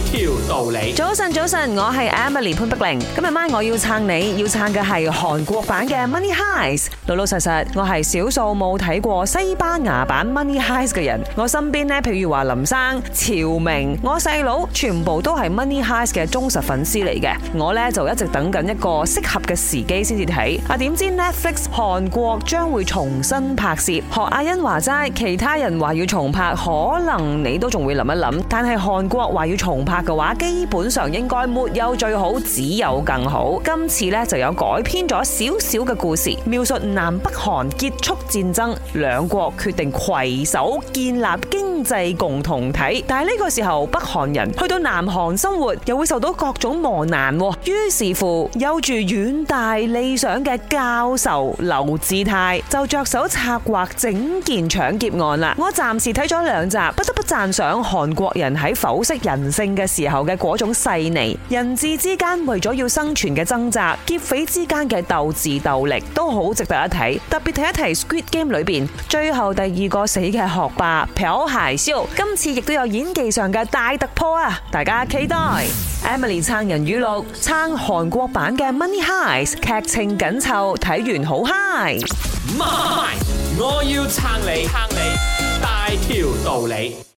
條道理。早晨，早晨，我係 Emily 潘碧玲。今日晚我要撐你，要撐嘅係韓國版嘅 Money Heist。老老實實，我係少數冇睇過西班牙版 Money Heist 嘅人。我身邊呢，譬如話林生、潮明、我細佬，全部都係 Money Heist 嘅忠實粉絲嚟嘅。我呢，就一直等緊一個適合嘅時機先至睇。啊，點知 Netflix 韓國將會重新拍攝。學阿欣話齋，其他人話要重拍，可能你都仲會諗一諗。但係韓國話要重，拍嘅話，基本上應該沒有最好，只有更好。今次呢就有改編咗少少嘅故事，描述南北韓結束戰爭，兩國決定攜手建立經濟共同體。但係呢個時候，北韓人去到南韓生活，又會受到各種磨難。於是乎，有住遠大理想嘅教授劉志泰，就着手策劃整件搶劫案啦。我暫時睇咗兩集，不得不讚賞韓國人喺剖析人性。嘅時候嘅嗰種細膩，人質之間為咗要生存嘅掙扎，劫匪之間嘅鬥智鬥力都好值得一睇。特別提一提《Squid Game》裏邊最後第二個死嘅學霸朴海秀，今次亦都有演技上嘅大突破啊！大家期待 Emily 撐人語錄撐韓國版嘅 Money Heist 劇情緊湊，睇完好 high。我要撐你，撐你，大條道理。